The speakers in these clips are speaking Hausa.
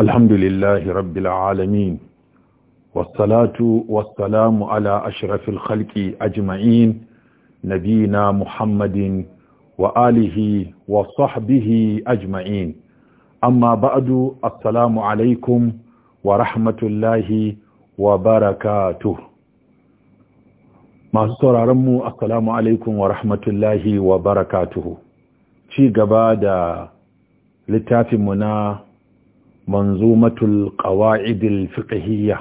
الحمد لله رب العالمين والصلاة والسلام على أشرف الخلق أجمعين نبينا محمد وآله وصحبه أجمعين أما بعد السلام عليكم ورحمة الله وبركاته ما سورة رمو السلام عليكم ورحمة الله وبركاته ci gaba لتافي littafinmu manzumatul qawa'idil fiqhiyya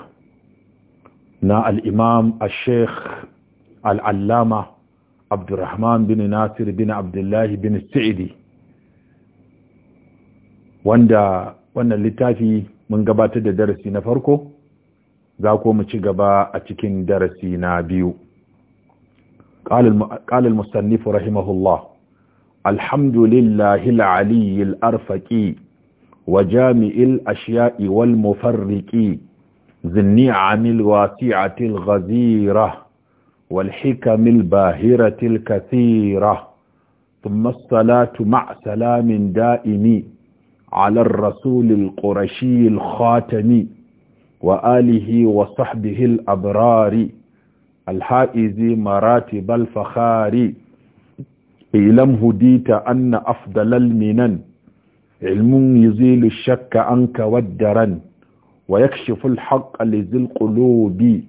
na al-imam al-sheikh al-allama abdurrahman bin nasir bin abdullahi bin sa'idi wanda wannan littafi mun gabatar da darasi na farko za ko mu ci gaba a cikin darasi na biyu قال المصنف رحمه الله الحمد لله العلي الأرفقي وجامع الأشياء والمفرق ذي النعم الواسعة الغزيرة والحكم الباهرة الكثيرة ثم الصلاة مع سلام دائم على الرسول القرشي الخاتم وآله وصحبه الأبرار الحائز مراتب الفخار إلم هديت أن أفضل المنن ilmun yuzilu shakka anka waddaran wa yakshifu alhaqqa li zil qulubi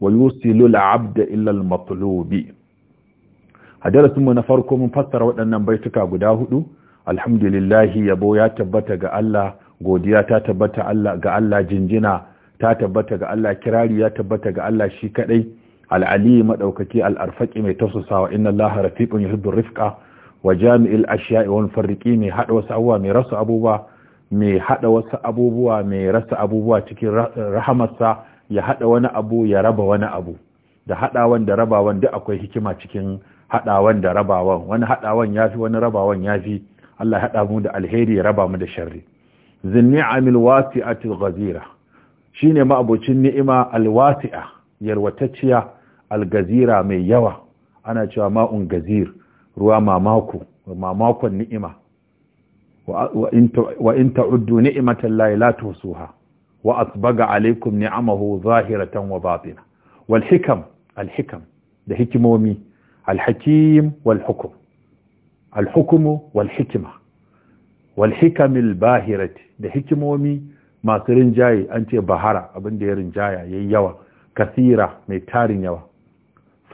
wa yusilu al'abda ila almatlubi hadara sun na farko mun fassara waɗannan baituka guda hudu alhamdulillahi yabo ya tabbata ga Allah godiya ta tabbata ga Allah jinjina ta tabbata ga Allah kirari ya tabbata ga Allah shi kadai al maɗaukaki madaukaki al-arfaqi mai tasusawa inna Allah rafiqun yuhibbu rifqa wa jami'il ashiya'i wani farriki mai haɗa wasu abubuwa mai rasa abubuwa mai haɗa wasu abubuwa mai rasa abubuwa cikin rahamarsa ya haɗa wani abu ya raba wani abu da haɗawan da rabawan duk akwai hikima cikin haɗawan da rabawan wani haɗawan ya fi wani rabawan ya fi Allah haɗa mu da alheri ya raba mu da sharri zinni amil wasi'atil ghazira shine ma'abocin ni'ima alwasi'a yarwatacciya algazira mai yawa ana cewa ma'un gazir ruwa mamako mamakon ni'ima wa in ta'uddu ni'matan la la tusuha wa asbaga alaykum ni'amahu zahiratan wa batina wal hikam al hikam da hikimomi al hakim wal hukm al hukmu wal hikma wal hikam al bahirati da hikimomi masu rinjaye an ce bahara abin da ya rinjaya yayyawa kasira mai tarin yawa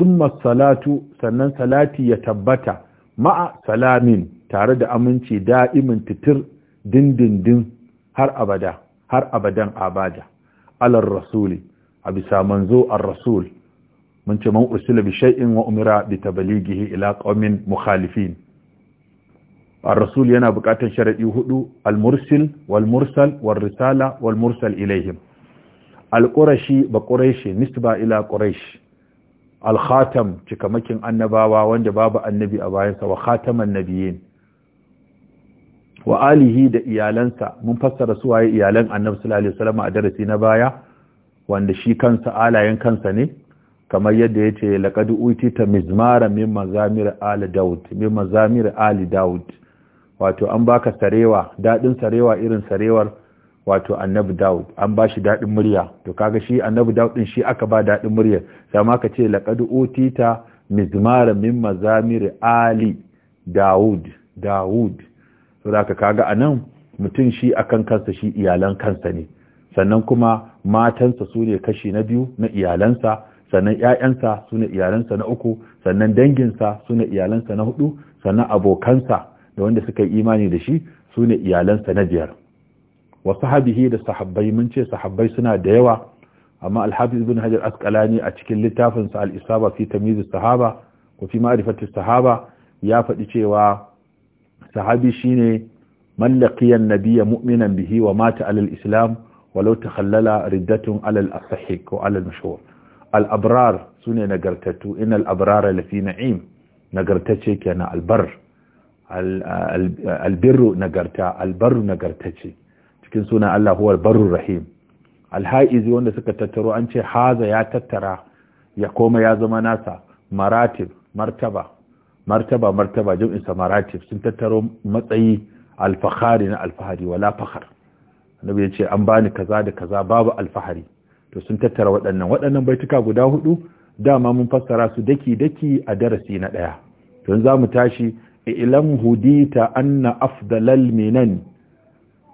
thumma salatu sannan salati ya tabbata ma'a salamin tare da aminci da'imin titir dindindin har abada har abadan abada alar rasuli a bisa manzo ar-rasul mun ce man ursila bi shay'in wa umira bi tablighihi ila qaumin mukhalifin ar-rasul yana buƙatar sharadi hudu al-mursil wal mursal wal risala wal mursal ilayhim al-qurashi ba quraishi nisba ila quraishi al-khatam cikamakin annabawa wanda babu annabi a bayansa wa khataman nabiyyin wa alihi da iyalansa mun fassara su waye iyalan annabi sallallahu alaihi wasallam a darasi na baya wanda shi kansa alayen kansa ne kamar yadda yace laqad utita mizmara min mazamir ali daud min mazamir ali daud wato an baka sarewa dadin sarewa irin sarewar wato annabi Dawud an ba shi daɗin murya to kaga shi annabi Dawud ɗin shi aka ba daɗin murya sama ka ce laqad utita mizmara min mazamir ali Dawud Dawud to da kaga anan mutum shi akan kansa shi iyalan kansa ne sannan kuma matansa su ne kashi na biyu na iyalansa sannan ‘ya'yansa su ne iyalansa na uku sannan danginsa su ne iyalansa na hudu sannan abokansa da wanda suka yi imani da shi su ne iyalansa na biyar وصحبه ده صحابي منشي صحابي سنا ديوة أما الحافظ بن حجر أسقلاني أتكل لتافنس على الإصابة في تمييز الصحابة وفي معرفة الصحابة يافد إشيوا صحابي شيني من لقي النبي مؤمنا به ومات على الإسلام ولو تخلل ردتهم على الصحيح وعلى المشهور الأبرار سنة نقرتتو إن الأبرار لفي نعيم نقرتتشي كان البر البر نقرتا البر نقرتتشي cikin suna Allah huwal barur rahim alha'izi wanda suka tattaro an ce haza ya tattara ya koma ya zama nasa maratib martaba martaba martaba jam'insa maratib sun tattaro matsayi alfahari na alfahari wala fahar annabi ya ce an bani kaza da kaza babu alfahari to sun tattara waɗannan waɗannan baituka guda hudu dama mun fassara su daki daki a darasi na ɗaya to za mu tashi ilam hudita anna afdalal minan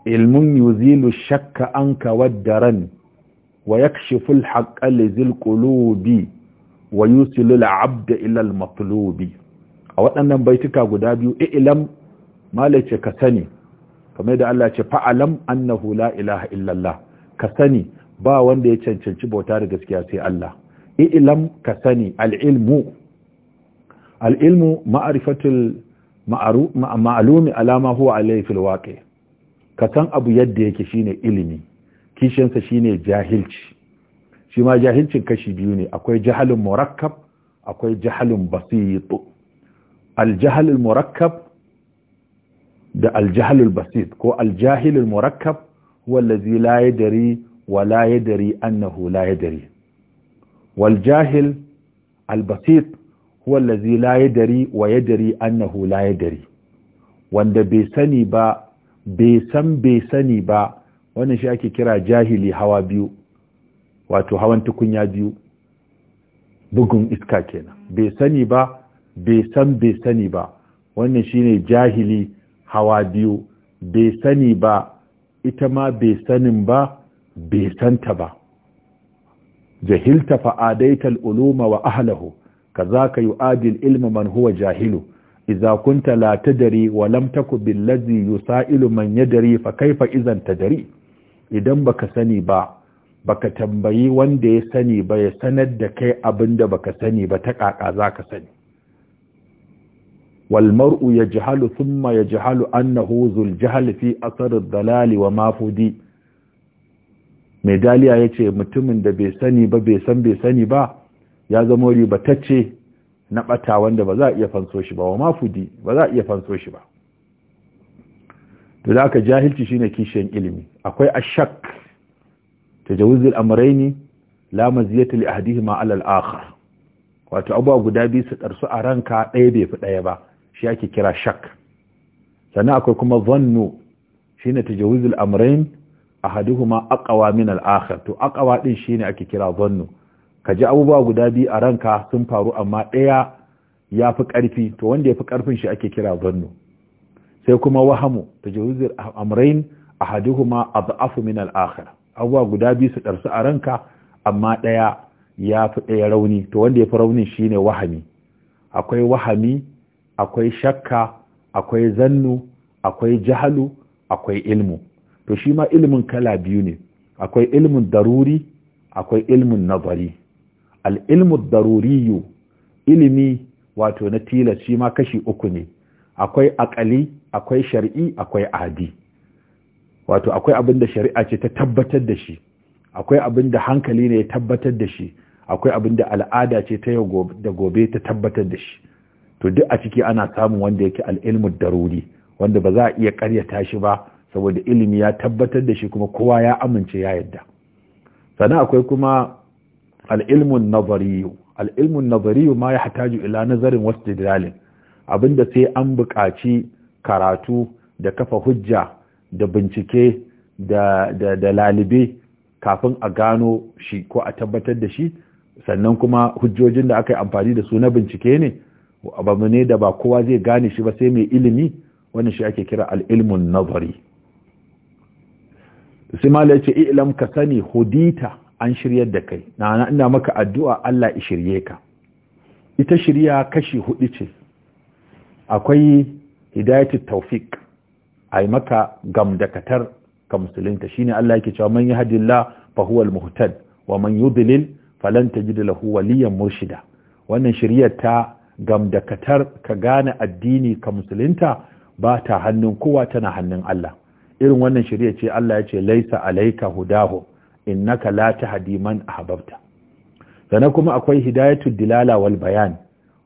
ilmun yuzilu shakka anka waddaran wa yakshifu al zilkulubi lizil qulubi wa yusilu al-'abda ila a waɗannan baituka guda biyu ilam malace ka sani kamar da Allah ce fa'alam annahu la ilaha illallah ka sani ba wanda ya cancanci bauta da gaskiya sai Allah ilam ka sani al'ilmu al'ilmu ma'lumi alama huwa alayhi fil waqi' ka san abu yadda yake shine ilimi kishinsa shine jahilci shi ma jahilcin kashi biyu ne akwai jahalin murakkab akwai jahalin basit Aljahalin murakkab da aljahalin basit ko aljahilul murakkab huwa allazi la yadri wa la yadri annahu la yadri wal jahil al basit huwa allazi la yadri wa yadri annahu la yadri wanda bai sani ba bai san bai sani ba wannan shi ake kira jahili hawa biyu wato hawan tukunya biyu bugun iska kenan bai sani ba bai san bai sani ba wannan shine jahili hawa biyu bai sani ba ita ma bai sanin ba bai santa ba jahilta fa'adaital uluma wa ahlahu yi adil ilma man huwa jahilu Iza kunta la tadri wa lam taku billazi yusailu man yadri fa kaifa idan tadri idan baka sani ba baka tambayi wanda ya sani ba ya sanar da kai abinda baka sani ba ta kaka zaka sani wal mar'u yajhalu thumma yajhalu annahu zul jahl fi athar ad-dalal wa ma fudi medaliya yace mutumin da bai sani ba bai san bai sani ba ya zama ribatacce na ɓata wanda ba za a iya fanso shi ba wa mafudi ba za a iya fanso shi ba to da aka jahilci shine kishiyan ilimi akwai ashak tajawuzul amraini la maziyata li ahdihima ala al-akhar wato abuwa guda biyu su darsu a ranka ɗaya bai fi ɗaya ba shi ake kira shak sannan akwai kuma zannu shine tajawuzul amrayn ma aqwa min al-akhar to aqwa din shine ake kira zannu ka ji abubuwa guda biyu a ranka sun faru amma ɗaya ya fi ƙarfi to wanda ya fi ƙarfin shi ake kira zannu sai kuma wahamu ta jawuzir amrain a ma abu min al'akhir abubuwa guda biyu su ɗarsu a ranka amma ɗaya ya fi ɗaya rauni to wanda ya fi raunin shi ne wahami akwai wahami akwai shakka akwai zannu akwai jahalu akwai ilmu to shi ma ilimin kala biyu ne akwai ilimin daruri akwai ilmin nazari al'ilmu daruriyu ilimi wato na tilas shi ma kashi uku ne akwai akali akwai shari'i akwai adi wato akwai abin da shari'a ce ta tabbatar da shi akwai abin da hankali ne ya tabbatar da shi akwai abin da al'ada ce ta yau da gobe ta tabbatar da shi to duk a ciki ana samun wanda yake al'ilmu daruri wanda ba za a iya karyata shi ba saboda ilimi ya tabbatar da shi kuma kowa ya amince ya yadda sannan akwai kuma al'ilmun النظري العلم النظري ma ya hataju ila nazarin wasu abinda sai an buƙaci karatu da kafa hujja da bincike da, da, da kafin a gano shi ko a tabbatar da shi sannan kuma hujjojin da aka yi amfani da su na bincike ne abu ne da ba kowa zai gane shi ba sai mai ilimi wannan shi ake kira al'ilmun nazari sai ya ce ilam ka sani hudita an shiryar da kai na ina maka addu'a Allah ya shirye ka ita shirya kashi hudu ce akwai hidayatul Taufik ai maka gamdakatar ka musulunta shine Allah yake cewa man yahdillah fa huwa muhtad wa man yudlil falan tajid lahu waliyan murshida wannan shiryar ta gamdakatar ka gane addini ka musulunta ba ta hannun kowa tana hannun Allah irin wannan shirya ce Allah yace laisa alaika hudahu innaka la tahdi man ahbabta sana kuma akwai hidayatul dilala wal bayan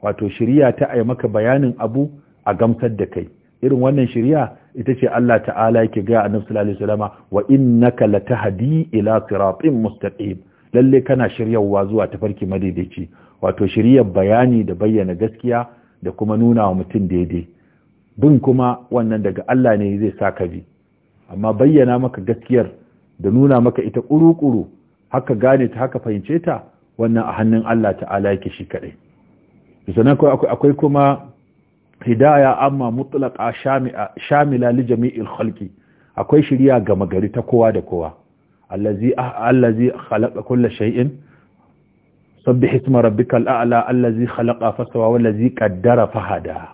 wato shiriya ta ai maka bayanin abu a gamsar da kai irin wannan shiriya ita ce Allah ta'ala yake ga annabi sallallahu alaihi wasallama wa innaka la tahdi ila siratin mustaqim lalle kana shiryawa zuwa tafarki madaidaici wato shiriyar bayani da bayyana gaskiya da kuma nuna wa mutum daidai bin kuma wannan daga Allah ne zai sa ka bi amma bayyana maka gaskiyar da nuna maka ita ƙuruƙuru haka gane ta haka fahimce ta wannan a hannun Allah ta'ala yake shi kaɗai sannan akwai kuma hidaya amma mutlaqa shamila li jami'il khalqi akwai shiriya gama gari ta kowa da kowa allazi allazi khalaqa kulla shay'in sabbih isma rabbikal a'la allazi khalaqa fasawa wallazi qaddara fahada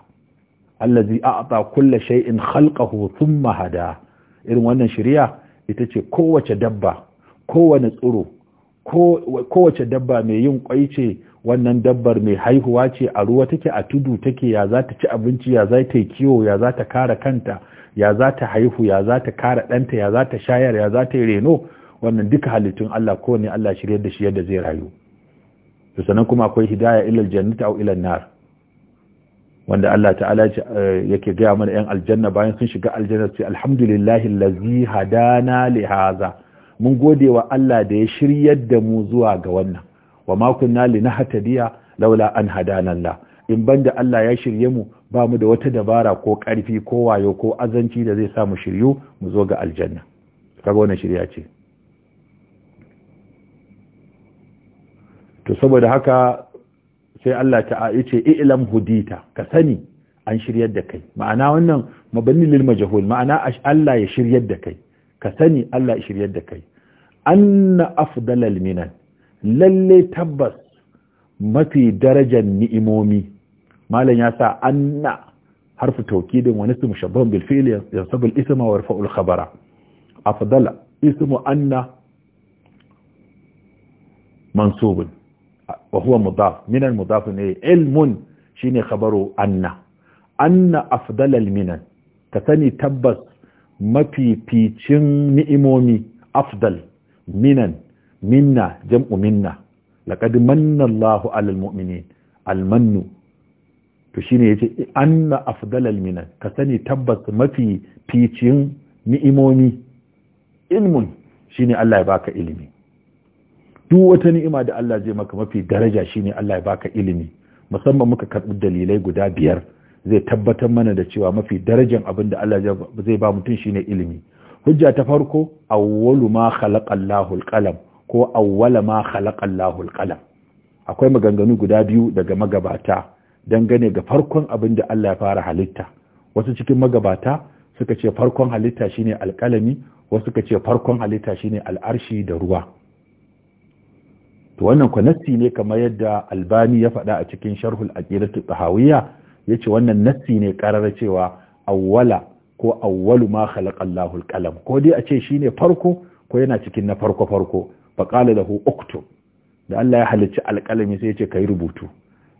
allazi a'ta kulla shay'in khalqahu thumma hada irin wannan shiriya ita ce kowace dabba kowane tsiro kowace dabba mai yin kwai ce wannan dabbar mai haihuwa ce a ruwa take a tudu take ya za ta ci abinci ya za ta yi kiwo ya za ta kara kanta ya za ta haihu ya za ta kara ɗanta ya za ta shayar ya za ta yi reno wannan duka halittun Allah kowane Allah shirya da shi yadda zai rayu to sannan kuma akwai hidaya ilal jannata au ilan nar wanda Allah ta'ala eh, yake gaya mana yan aljanna bayan sun shiga aljanna sai alhamdulillahi allazi hadana li hadha mun gode wa Allah da ya shiryar da mu zuwa ga wannan wa ma kunna linahtadiya laula an hadana Allah in banda Allah ya shirye mu ba mu da wata dabara ko karfi ko wayo ko azanci da zai sa mu shiryu mu zo ga aljanna kaga wannan shirya ce to saboda haka sai Allah ta ce i'lam hudita ka sani an shiryar da kai ma'ana wannan mabanni lil majhul ma'ana Allah ya shiryar da kai ka sani Allah ya shiryar da kai anna afdalal minan lalle tabbas mafi darajar ni'imomi malam ya sa anna harfu taukidin wani su mushabban bil fi'li yansabu al isma wa yarfa'u al khabara afdala ismu anna mansubun wa huwa mudaf minan mudaf ne ilmun shine khabaru anna anna afdalal minan ka sani tabbas mafificin ni'imomi afdal minan minna jam'u minna laqad manna Allahu 'alal mu'minin almannu anna afdalal minan ka sani tabbas mafificin ni'imomi ilmun shine Allah ya baka ilimi duk wata ni'ima da Allah zai maka mafi daraja shine Allah ya baka ilimi musamman muka karɓi dalilai guda biyar zai tabbatar mana da cewa mafi darajan abin da Allah zai ba mutum shine ilimi hujja ta farko awwalu ma khalaqa Allahu al ko awwala ma khalaqa Allahu akwai maganganu guda biyu daga magabata dangane ga farkon abin da Allah ya fara halitta wasu cikin magabata suka ce farkon halitta shine alkalami wasu suka ce farkon halitta shine al'arshi da ruwa to wannan ku ne kamar yadda albani ya faɗa a cikin sharhul aqidatu tahawiyya yace wannan nassi ne karara cewa awwala ko awwalu ma khalaqa Allahul qalam ko dai a ce shine farko ko yana cikin na farko farko fa qala lahu uktub da Allah ya halicci alqalami sai yace kai rubutu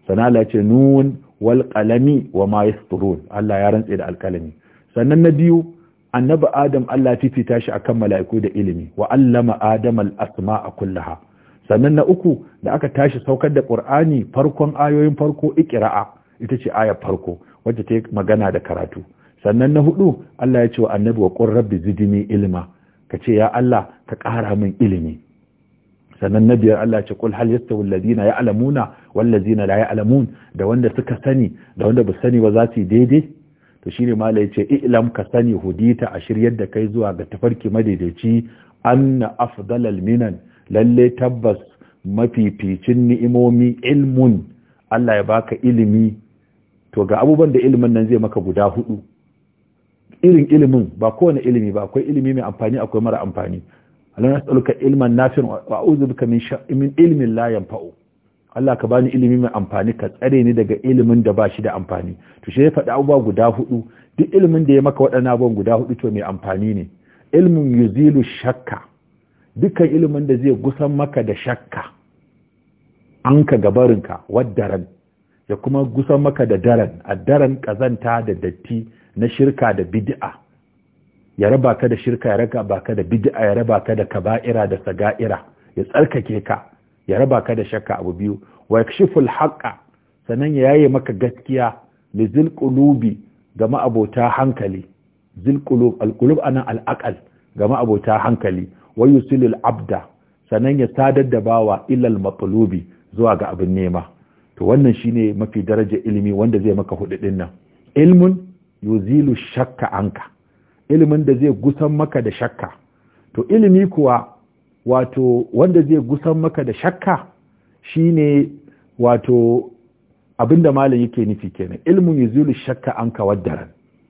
sannan Allah yace nun wal qalami wa ma yasturun Allah ya rantse da alqalami sannan na biyu annabi Adam Allah fifita shi akan mala'iku da ilimi wa allama Adam al asma'a kullaha sannan na uku da aka tashi saukar da Ƙur'ani, farkon ayoyin farko iqra'a ita ce ayar farko wacce ta magana da karatu sannan na hudu Allah ya ce wa annabi wa qur rabbi zidni ilma ka ce ya Allah ka ƙara min ilimi sannan na biyar Allah ce kul hal yastawi alladhina ya'lamuna wal ladhina la ya'lamun da wanda suka sani da wanda ba sani ba za su daidai to shine mala ce, i'lam ka sani hudita a shiryar da kai zuwa ga tafarki madaidaici anna afdalal minan lalle tabbas mafificin ni'imomi ilmun Allah ya baka ilimi to ga abubuwan da ilimin nan zai maka guda hudu irin ilimin ba kowane ilimi ba akwai ilimi mai amfani akwai mara amfani Allah na tsaluka ilman nafin wa a'udhu bika min min ilmin la yanfa'u Allah ka bani ilimi mai amfani ka tsare ni daga ilimin da ba shi da amfani to shi ya faɗi abubuwa guda hudu duk ilimin da ya maka waɗannan abubuwan guda hudu to mai amfani ne ilmin yuzilu shakka dukkan ilimin da zai gusan maka da shakka an ka gabarinka waddaran ya kuma gusan maka da daren a daren kazanta da datti na shirka da bid'a ya raba ka da shirka ya raba ka da bid'a ya raba ka da kaba'ira da saga'ira ya tsarkake ka ya raba ka da shakka abu biyu wa yakshiful haqqa sanan ya yaye maka gaskiya li zil qulubi ga ma'abota hankali zil qulub al qulub anan al aqal ga ma'abota hankali wa abda sanan ya sadar da bawa ilal matlubi zuwa ga abin nema to wannan shine mafi daraja ilimi wanda zai maka din nan ilmun yuzilu shakka anka ilmin da zai gusan maka da shakka to ilimi kuwa wato wanda zai gusan maka da shakka shine wato abinda malam yake nufi kenan ilmun yuzilu shakka anka wadaran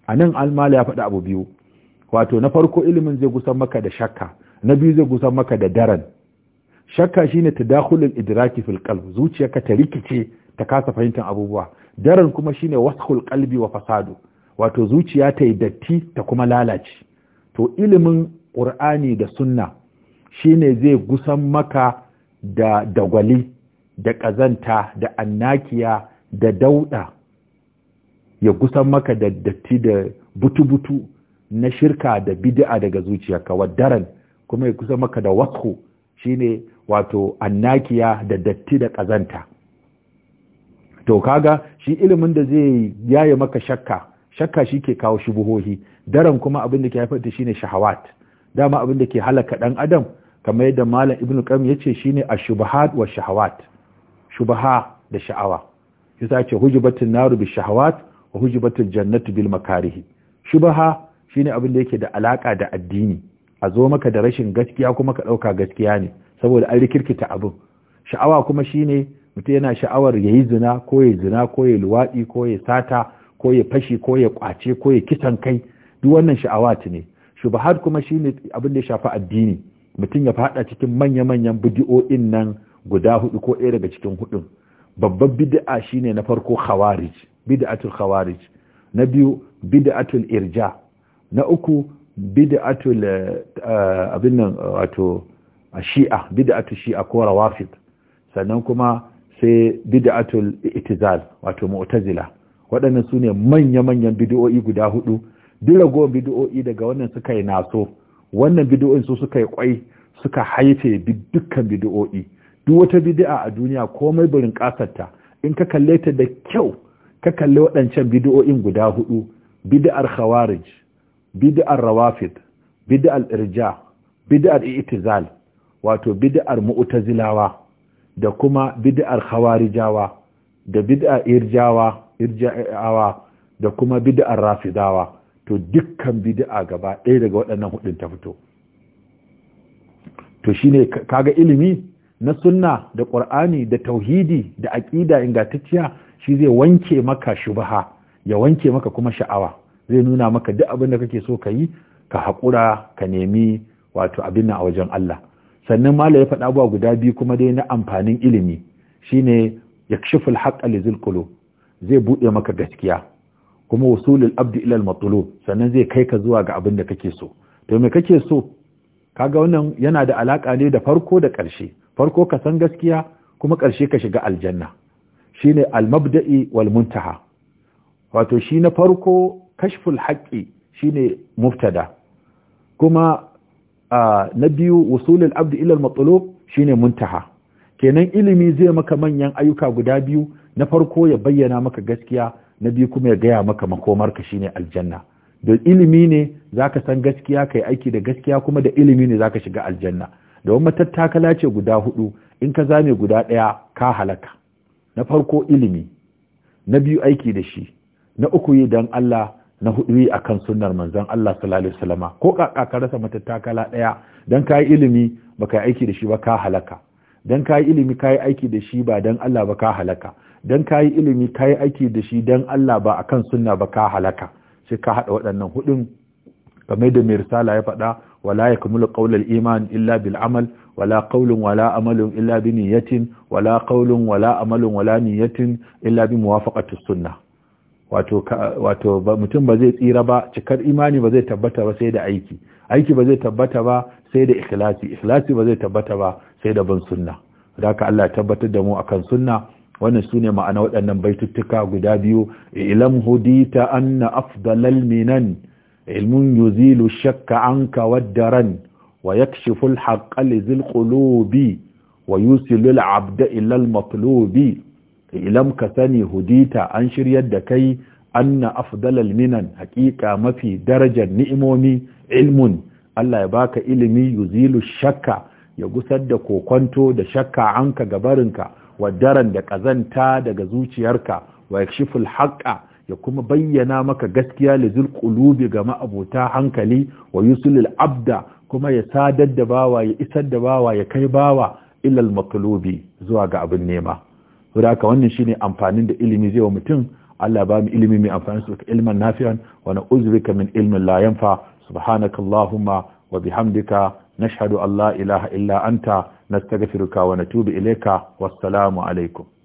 anan almala ya faɗi abu biyu wato na farko ilimin zai gusan maka da shakka na biyu zai gusan maka da daren shakka shine tadakhulul idraki fil qalb zuciyarka ta rikice ta kasa fahimtar abubuwa daren kuma shine wasu qalbi wa fasadu wato zuciya ta yi datti ta kuma lalace to ilimin ƙur'ani da sunna shine zai gusan maka da dagwali da ƙazanta, da annakiya da dauɗa, ya gusan maka da datti da butu-butu na shirka da bid'a daga zuciyarka wa daren kuma ya kusa maka da Shi shine wato annakiya da datti da ƙazanta. to kaga shi ilimin da zai yaye maka shakka shakka shi ke kawo shubuhohi daren kuma abin da ke haifar da shine shahawat dama abin da ke halaka ɗan adam kamar yadda malam ibnu ya ce shine ashubahat wa shahawat shubaha da sha'awa yasa ce hujibatin naru bi shahawat wa hujibatul jannatu bil makarihi shubaha shine abin da yake da alaka da addini a zo maka da rashin gaskiya kuma ka ɗauka gaskiya ne saboda an rikirkita abin sha'awa kuma shine mutum yana sha'awar ya yi zina ko ya zina ko ya luwaɗi ko ya sata ko ya fashi ko ya ƙwace ko ya kisan kai duk wannan sha'awa ta ne shubahat kuma shine abin da ya shafi addini mutum ya faɗa cikin manya-manyan bidi'o'in nan guda hudu ko ɗaya daga cikin hudun babban bid'a shine na farko khawarij bid'atul khawarij na biyu bid'atul irja na uku bid'atul eh, abin nan wato shi'a bid'atu shi'a ko rawafid sannan kuma sai bid'atul itizal wato mu'tazila waɗannan su ne manya-manyan bid'o'i guda hudu dira ragowar bid'o'i daga wannan suka yi naso wannan bid'o'in su suka yi kwai suka haife dukkan bid'o'i duk wata bid'a a duniya komai burin kasarta in ka kalle ta da kyau ka kalli waɗancan bid'o'in guda hudu bid'ar khawarij bid'ar rawafid bid'ar irja bid'ar i'tizal wato bid'ar mu'tazilawa da kuma bid'ar khawarijawa da bid'ar irjawa irja'awa da kuma bid'ar rafidawa to dukkan bid'a gaba ɗaya daga waɗannan hudun ta fito to shine kaga ilimi na sunna da qur'ani da tauhidi da aqida ingantacciya shi zai wanke maka shubha ya wanke maka kuma sha'awa zai nuna maka duk abin da kake so ka yi ka haƙura ka nemi wato abin nan a wajen Allah sannan mala ya faɗa abuwa guda biyu kuma dai na amfanin ilimi shine yakshiful haqqa li zulqulu zai buɗe maka gaskiya kuma wasulul abdi ila al sannan zai kai ka zuwa ga abin da kake so to me kake so kaga wannan yana da alaka ne da farko da ƙarshe farko ka san gaskiya kuma ƙarshe ka shiga aljanna shine al-mabda'i wal muntaha wato shi na farko kashful haqqi shine muftada, kuma na biyu wusulul abdi ila al-matlub shine muntaha kenan ilimi zai maka manyan ayyuka guda biyu na farko ya bayyana maka gaskiya na biyu kuma ya gaya maka makomarka shine aljanna da ilimi ne zaka san gaskiya kai aiki da gaskiya kuma da ilimi ne zaka shiga aljanna domin matattakala ce guda hudu in ka zame guda ɗaya ka halaka na farko ilimi na biyu aiki da shi na uku yi don Allah na hudu kan sunnar manzon Allah sallallahu alaihi ko kaka ka rasa matattakala ɗaya, daya dan kai ilimi baka aiki da shi ba ka halaka dan kai ilimi kai aiki da shi ba dan Allah ba ka halaka dan kai ilimi kai aiki da shi dan Allah ba akan sunna ba ka halaka sai ka hada waɗannan hudun kamar da mai risala ya faɗa wala ya yakmulu qawlal iman illa bil amal ولا قول ولا عمل إلا بنية ولا قول ولا عمل ولا نية إلا بموافقة السنة wato wato mutum ba zai tsira ba cikar imani ba zai tabbata ba sai da aiki aiki ba zai tabbata ba sai da ikhlasi ikhlasi ba zai tabbata ba sai da bin sunna da haka Allah ya tabbatar da mu akan sunna wannan sune ma'ana waɗannan baituttuka guda biyu ilam hudita anna afdalal minan ilmun yuzilu shakka anka waddaran wa yakshifu alhaqqa lizil qulubi wa yusilu al'abda ila al-matlubi ilam ka sani hudita an shiryar da kai anna afdalal minan haƙiƙa mafi darajar ni'imomi ilmun Allah ya baka ilimi yuzilu shakka ya gusar da kokonto da shakka anka gabarinka wa daran da kazanta daga zuciyarka wa yakshiful haqqa ya kuma bayyana maka gaskiya lizul qulubi ga ma'abuta hankali wa yusulul abda kuma ya sadar da bawa ya isar da bawa ya kai bawa ilal maqlubi zuwa ga abin nema saboda haka wannan ne amfanin da ilimi zai wa mutum Allah ba mu ilimi mai amfani su ilman nafiyan. wa uzurika min ilmin la yanfa subhanakallahumma wa bihamdika nashhadu an la ilaha illa anta nastaghfiruka wa natubu ilayka wassalamu alaikum